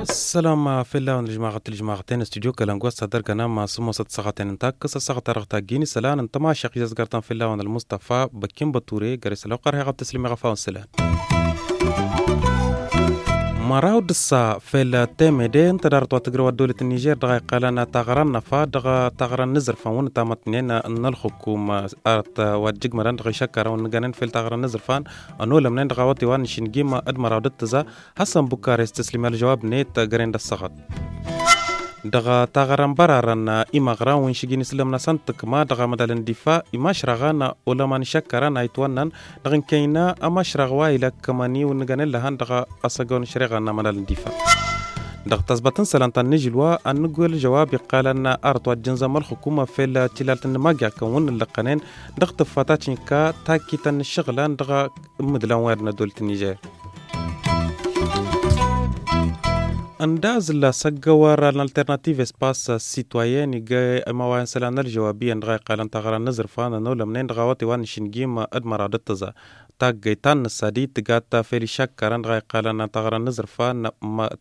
السلام في الله الجماعة الجماعة تين استوديو كلام قوس صدر كنا ما سمو ست ساعة تين انتاك قصة ساعة رغتا جيني سلان انتما شقيز قرطان في الله المصطفى بكين بطوري قريس لو قرهي غب تسليمي غفاون سلان مراودسا في التامدين تدار تقروا دولة النيجير دغا قالنا تغران نفا دغا تغران نزر فون تامتنين ان الحكومة ارت وجق مران دغا يشكر ونقانين في تغران نزر فان انو لمنين دغا وطيوان شنجيما اد مراودتزا حسن بوكاريس تسليم الجواب نيت غرين الصغط daga tagaran bararan na imagra wun shigin islam na santak ma daga madalan difa imashraga na ulaman shakkara na itwan nan daga kaina amashraga wa ila kamani wun ganen lahan daga asagon shraga na madalan difa daga tasbatan salantan nijilwa an nugul jawabi qalan na artwa jinzama alhukuma fil tilatan magya kan wun laqanen daga tafatacin ka takitan shaglan daga mudlan wayar na dultin niger انداز لا سجور الالترناتيف اسباس سيتويان جاي ما وين سلان الجوابية نغاي قال انت غرا نزر فانا نولا منين غاوتي وان شنجيما ادمر عدتزا taggaytan sadi tigata ferishakkaran gayqalana tagran nizrfa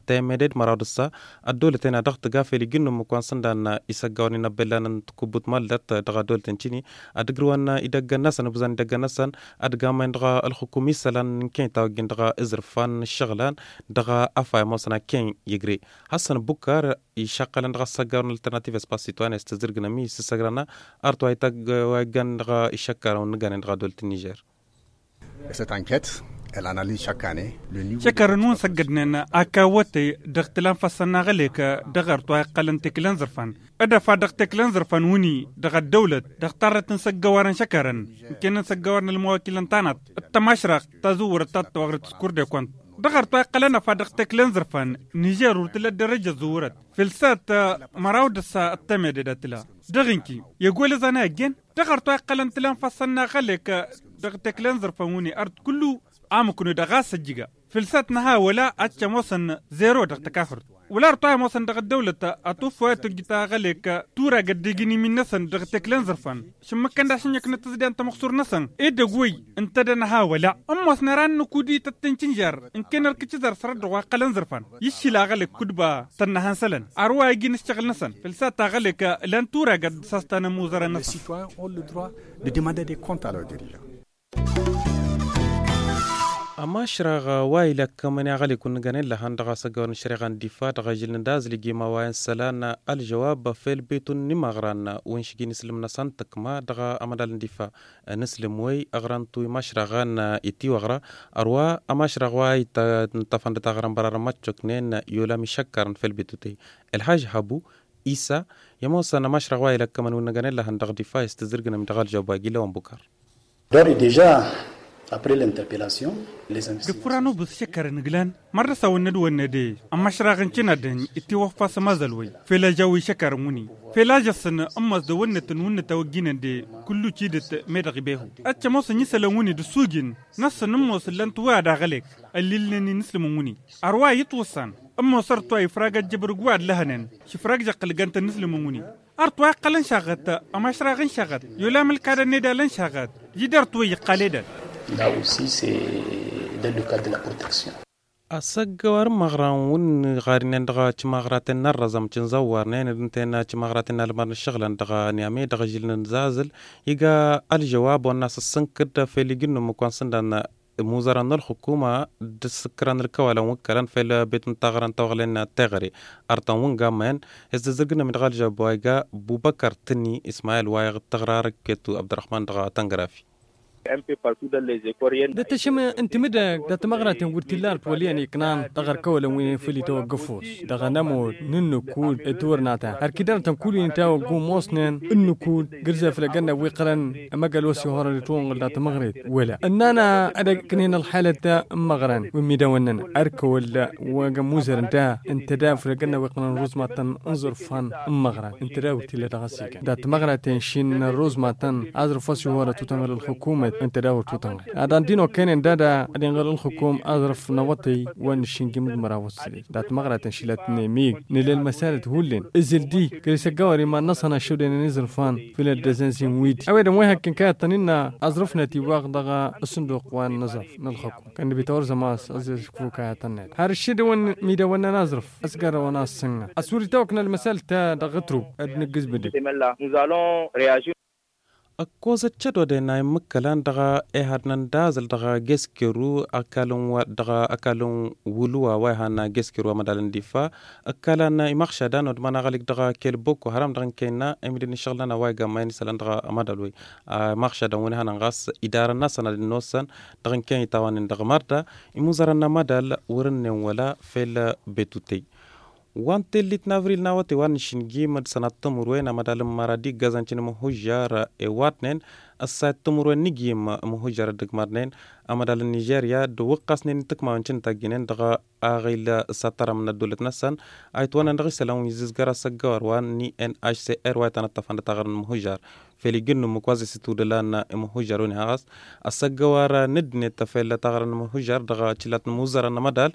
temeded maradsa addolten adaqtiga feliginu mukwansandan isagawanina belanan tukubut maldat daga dolten chini adgrwana idaganasan buzan idaganasan adgamen daga alhukumi salan ken tawgin daga izrfan shaglan daga afay mosana ken yigri hasan bukar ishaqalan daga sagarun alternative espace citoyen estazirgnami sisagrana artwaitag wagan daga ishakkaran ganen daga dolten niger Et cette enquête, elle analyse chaque année le niveau شكر نون سجدنا اكاوتي دغت لان فصلنا غليك دغر تو قلن تكلن زرفان ادا فا دغت تكلن زرفان وني دغ الدولة دغترت نسجوارن شكرا يمكن نسجوارن المواكل انتانت التماشرق تزور تطور تسكر دي كونت دغر تو قلنا فا تكلن زرفان نيجر ورتل درجة زورت فلسات مراود سا التمددت لا دغنكي يقول زنا جن دغر تو قلن تلان فصلنا غليك دغ تكلن زرفوني أرد كلو عام كنو دغا سجيغا فلسات نها ولا اتش موسن زيرو دغ تكافر ولا رطاي موسن دغ الدولة اتو فوات جتا غليك تورا قد يجيني من نسن دغتكلن زرفان شما كان داشن يكن تزدي أنت مخصور نسن اي دغوي انت دنها ولا ام موسن ران نكودي تتنشنجر إن كان الكتزر سرد قلن زرفان يشي لا غليك كدبا تنهان سلن أروا يجي نشتغل نسن فلسات غليك لان تورا قد ساستانا موزر نسن amma shiraga waila kamani agali kun ganin lahan daga sagawan shiragan difa daga jilin da ziligi ma wayan salana aljawab fel betun ni magran wan shigi nislim na san takma daga amadal difa nislim wai agran tu ma shiragan iti wagra arwa amma shiraga wai ta tafan da tagaran barar machok nen yola mi shakkaran fel betuti الحاج هابو إيسا يموس أنا مشرق وايلك كمان ونجان لها ندغ دفاع استزرقنا من دغال جوابا جيلا بكر داري ديجا dufuraanu busicha kariniglan marda sawanad wanade amashraaqinchinadan iti fela fela muni wafpasamazalway felajawi shakaringuni felajasana amasda wanatin wanatawaginade kullu cidata medaqibehu tuwa da dusugin nasanamos ni alilnani muni arwa yitwasan amosartuai fraga jabirguwaad lahanan shifragja qalganta nislimanguni artuai qalan shaqata amashraaqin shaqat yolamilkada nedalan shaqat yidartuwa yiqaledan Là aussi, c'est dans le cadre de la protection. a saggawar maghran wun gharinen daga chimaghraten na razam chin zawar ne ne dinte na chimaghraten na almar shaglan daga ne ame daga jilin zazil yiga al jawab wa nas sankid feligin fe ligin no mukwan na muzaran na hukuma diskran al kawalan wakaran fe la bitun tagran na tagri artan wun gamen ez de zirgin min gal jawab wa yiga bubakar tini ismail wa yiga tagrar ketu abdurrahman daga tangrafi دتا شما انت مدا دتا مغرات ورتي لار بوليان يكنان تغر كولا وين فلي توقفوش دغا نمو ننو كول ناتا هر كدار تنكول انتا وقو موسنن انو كول قرزا فلقنا ويقرن اما قالوا سيهورا لتون دتا مغرات ولا اننا ادا كنين الحالة تا مغران ومي داونن اركو ولا وقا موزر انتا انت دا فلقنا ويقرن روزماتن انظر فان مغرن انت دا ورتي لتغسيك تمغره مغرات شين روزماتا ازر فاسيهورا تتمر الحكومة كانت انت داور توتان ادان دينو كان دادا ادين غير الحكوم اظرف نوطي وان شنجم مراوس دات مغرة شلات نيميك نل المسالة هولين ازل دي كريس قواري ما نصنا شودين نزرفان في الدزنسين ويدي اويدا مويها كان كاتنين اظرفنا تيواغ دغا الصندوق وان نزرف نلحكم كان بيتور زماس ازل كوكا تنات هار الشيد وان ميدا وان نزرف اسقر وان السنة اسوري توكنا المسالة دغترو ادنقز بدك Nous allons réagir a kosa chado da na mukalan daga e hadnan dazal daga geskeru akalun wa daga akalun wuluwa wa hana geskeru madalan difa akala na imaksha da galik daga kel boko haram daga kenna emri ni shagla na wa ga mayin salan daga amadalwi a maksha da wani hanan gas idara na sanad nosan daga ken tawanin daga Marta imu zaran na madal wurin ne wala fel betutei wan tellit navril nawate wa nachin gim d sanat tumerwen amadal nmaradi gazan tin mhujar ewadnen assait tumerwen nigim mhujara dagmarnen amadal nnigeria dawagqasnen itakmawen ci natagginen da aɣil sataram năddowlat nasan ayătwanen da isălan we izizgara săggawar wa ninhcr waa itaanatطafan dataɣaran mhujar feliginu mu ستو دلانا na imu hujaruni hagas asagawara ندني tafela tagara mu hujar دغا chilat mu zara namadal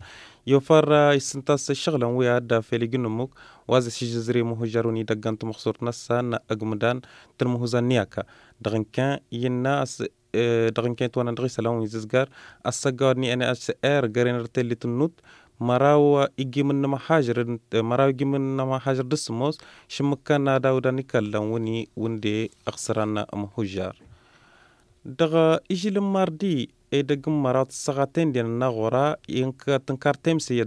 يوفر يسنتاس الشغلة ويا دا فيلي جنمك وازي سيجزري مهجروني دقنت مخصور نسان أقمدان تلمهوزان نياكا دغن كان يناس إيه، دغن كان توانا دغي سلاون يززقار أساقارني أنا أسئر قرين رتلي تنوت marawa igimin na mahajirin eh, marawa igimin na mahajir da sumos shi muka na dawuda ni kallan wani wanda ya aksara na amhujar daga ijilin mardi ay eh, daga marat sagaten da na gora in ka tunkar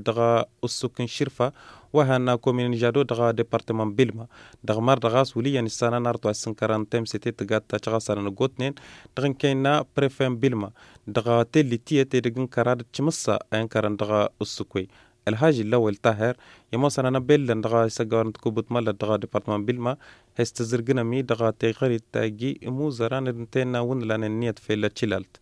daga usukin shirfa وهنا كومين جادو دغا ديبارتمون بيلما دغ مار دغا سولي يعني سانا نارتو اسن كارانتيم سيتي تا تغا سانا غوتنين دغ كاينا بريفيم بيلما دغا تيلي تي تي دغ كاراد تشمسا ان كاران دغا اسكوي الهاج الاول طاهر يما سانا نبل دغا سغارنت كوبوت مال دغا ديبارتمون بيلما هستزرغنا مي دغا تي غري تاغي امو زران نتينا ون لان نيت في لا تشيلالت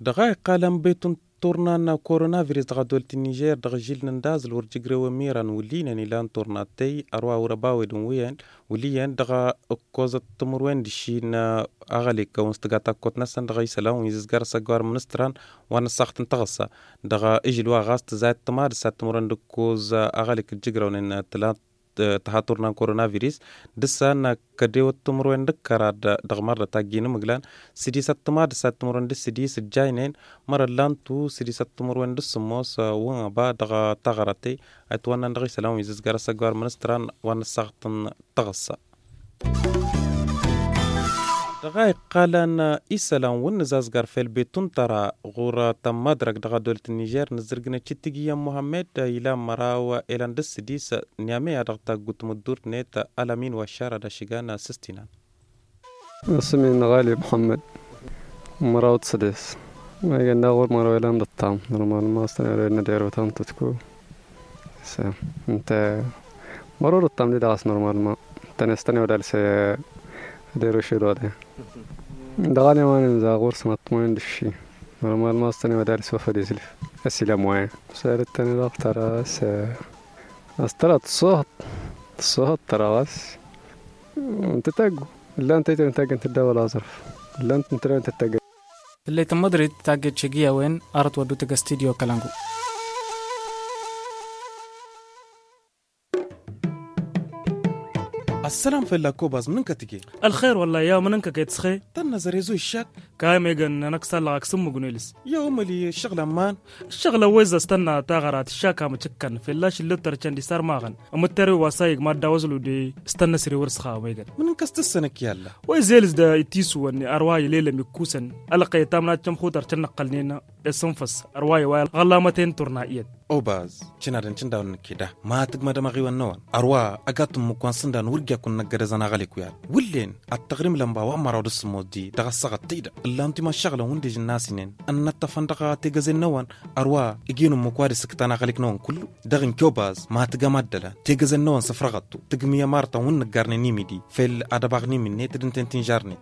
دغا قالم بيتون تورنا كورونا فيروس دغا دولت النيجير دغا جيل نداز الورد جريو ميران ولينا نيلان تورنا تي أروا ورباوي دون وليان دغا كوزا تمر وين دشينا أغالي كونست غاتا كوت نسان دغا يسلا ويزز غارسا منستران وانا ساخت نتغسا دغا إجلوا غاست زايد تمار سات تمرن دكوز أغالي كجيغرون إن تلات tahaturnan coronavirus desa na kade otumro ende kara dagmar da tagine muglan sidi satma da satmuro ende sidi sjainen marallan tu sidi satmuro ende smos wan ba daga tagarate atwan ndri salam izgar sagar ministran wan sagtan tagsa thank you غاي قالنا إسلام ونزاز غارفيل بيتون ترى غورة تم مدرك دغا دولة النيجير نزرقنا تشتيجيا محمد إلى مراوة إلى ندس ديس نيامي أدغتا قوت مدور نيتا ألمين وشارة دا شيغانا سستينا اسمي نغالي محمد مراوة سديس ما قلنا غور مراوة إلى نرمال الطعم نورمال ماستر إلى نديرو تام تتكو انت مرور الطعم دي داس نرمال ما تنستني ودالسي ديرو شي دودي دغاني وانا نزاغور سمطموين دشي ورما الماستني مدارس وفادي زلف السلام واعي سارت تاني لافتر اس استرات الصهد الصهد تراس انت تاقو لا انت تاقو انت الدولة اظرف لا انت تاقو انت تاقو اللي تمدري تاقو تشيقيا وين ارت ودو تاقو استديو كالانقو السلام في كوباز منك تجي الخير والله يا منك كيتسخي تنظر يزوي الشك كايميغان نكسر لك سمو جنيلس يا أملي الشغلة مان الشغلة ويزا استنى تاغرات الشاكا متشكن في اللاش اللي تر چندي سار ماغن ومتاري واسايق ما دوزلو دي استنى سري ورس خا ويغن من انكس تسنك يالا ويزيلز دا اتيسو واني ارواي ليلة مكوسن ألقى يتامنا تشمخو تر چند قلنين اسنفس ارواي واي غلا متين ايد او باز چنارن چند دون نكيدا ما تقما دا مغيوان نوان اروا اغاتم مكوان سندان ورگيا كون نگرزان اغالي كويا ولين التغريم لمبا وامرا ودس مودي دغا سغط تيدا اللانتي ما الشغلة هون ديج الناس نين أن التفندقة تجازين نوان أروى إجين مقوار سكتانا غليك نون كله دغن كوباز ما تجمع دلا تجازين نوان سفرغتو تجمي مارتا هون نجارني نيمي دي في الأدباغني من نيت دين تنتين جارني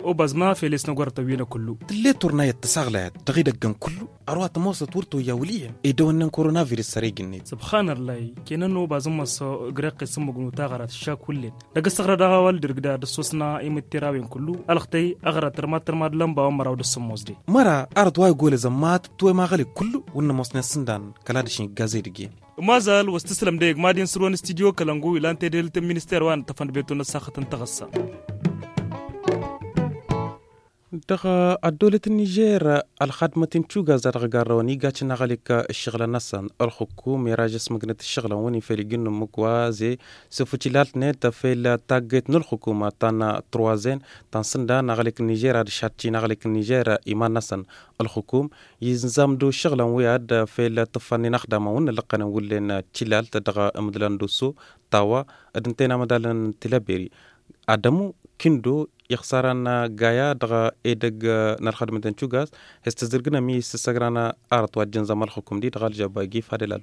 أوباز ما في لسنا قار تبينا كله تلي تورناي التسغلة تغيد الجن كله أروى تموس تورتو يا وليه إيدو إن كورونا فيروس سريج سبحان الله كنا نو باز ما سو غرق سمع نو شا كله دعس غردا غوال درجدا دسوسنا إمتيرابين كله ألختي أغرت رمات ma lamba wa maraw da sun mosde mara arat wa gole ma to ma gali kullu wannan sun sindan kala da ga zai dige mazal wastislam da yagmadin surwan studio kalangu ilante del minister wan tafan beto na ta tagassa دغ الدولة النيجير الخدمة تنتوغا زاد غاروني غاتش نغاليك الشغلة نصن الحكومة راجس مقنت الشغلة وني في لجن مكوازي تلالت نت في التاقيت الحكومة تانا تروازين تان سندا نغاليك النيجير هاد شاتشي نغاليك النيجير إيمان نصن الحكوم يزنزام دو الشغلة وياد في الطفاني نخدمة ون لقنا ولين تلالت دغ مدلان دوسو تاوا ادنتينا مدلان تلابيري ادمو كندو ይኽሳራና ጋያ ድኻ ኤደግ ናርኻድምንተን ቹጋዝ ሄስተዝርግነሚ ስሰግራና ኣርት ዋጀን ዘመልኽኩም ዲ ድኻ ልጀባጊ ይፋደላሉ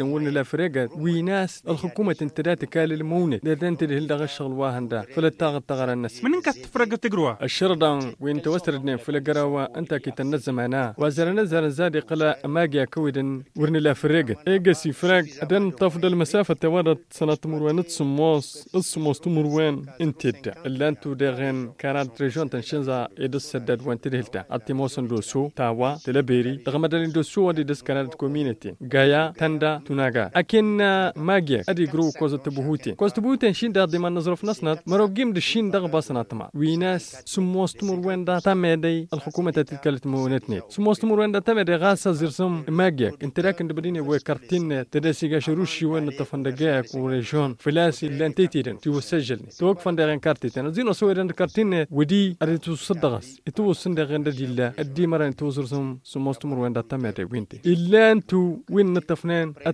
إذا ورنا الأفريقة ويناس الحكومة تنتدات كال المونة دا تنتد هل الشغل واهن دا فلا تاغت تغرى الناس منين انك تفرق تقروا الشرطة وين توسردنا فلا قراوا أنت كي تنزم هنا وزرنا نزر زادي قلا أماقيا كويدا ورنا الأفريقة إيقا سي فراق أدن تفضل مسافة توارد سنة مروان تسموس السموس تمروان انتد اللي انتو داغن كانت ريجون تنشنزا إدس سدد وان تدهلتا أتي دوسو تاوا تلبيري تغمدن دوسو ودي دس كانت كوميونيتي غايا تندا tunaga akinna magia adi gru kozotubuhute kozotubuhute shin da diman nazrof nasnat marogim de shin dag basnatma winas sumostumur wenda tamedai al hukumata titkalit munetnet sumostumur wenda tamedai gasa zirsum magia interakin dibdine we kartin tedesiga shurushi wen tafandagaak وريجون فلاسي اللي انت تيرن توسجلني توقف عند غن كارتيتن زينو سوي عند كارتين ودي اري تصدغس اتو سندغ عند ديلا ادي مرة انتو زرسم سموستمر وين داتا ماتي وينتي الا انتو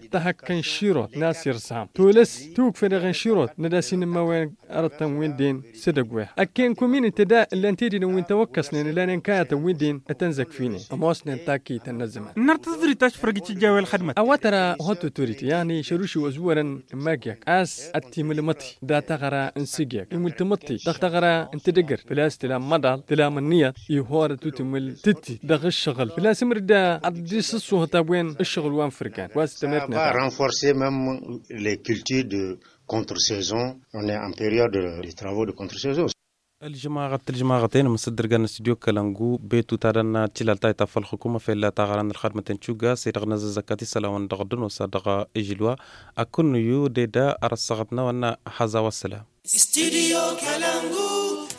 التحق كان شيروت ناس يرسام تولس توك فرغن شيروت نداسين ما وين أردتم وين دين سدقوي اكن كومين انتداء اللي دين وين توكسنين لان كانت وين دين أتنزك فيني اموس أموسن تاكي تنزمة نرتظري تشفرق تجاوي الخدمة او ترى هوتو توريت يعني شروشي وزورا ماجيك أس اتي ملمتي دا تغرى انسيجيك الملتمتي تغرى دقر فلاس تلا مدال تلا منية يهور مل تتي دغ الشغل بلا فلاس مردا أدريس الصوهة وين الشغل وان فرقان واستمر va renforcer même les cultures de contre-saison. On est en période de travaux de contre-saison.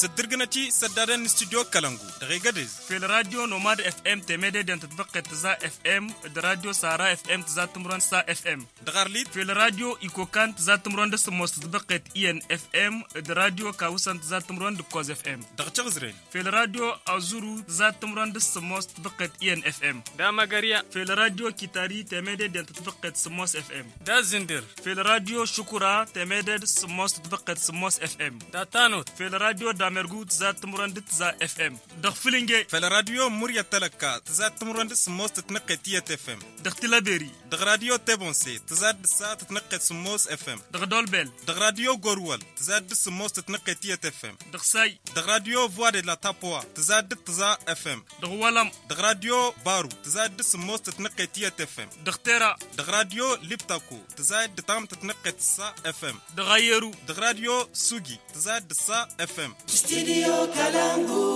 sa dirga ci studio kalangu da kai gadis fil radio nomad fm te mede den ta za fm da radio sara fm ta za tumron sa fm da garli fil radio iko kan ta za tumron da sumos en fm da radio kausan ta za tumron da koz fm da ka chagzre radio azuru ta za tumron da sumos ta en fm da Magaria. fil radio kitari te mede den ta tbaqe fm da Zinder. fil radio shukura te mede sumos ta tbaqe fm da tanot fil radio da za mergu za tumurandu za fm da filinge fala radio murya talaka za tumurandu smos tatnaqe tiyat fm da tilaberi da radio tebonse za sa tatnaqe smos fm da dolbel da radio gorwal za smos tatnaqe tiyat fm da sai da radio voix de la tapoa za za fm da walam da radio baru za smos tatnaqe tiyat fm da tera da radio liptako za tam tatnaqe sa fm da غيرو da radio sugi za sa fm Studio Kalangu.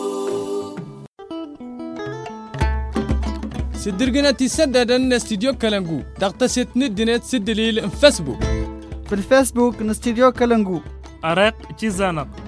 سدرقناتي سددا استديو كالانجو دغتا ستني دينات سدليل في فيسبوك في الفيسبوك نستديو كالانجو أرق تيزانق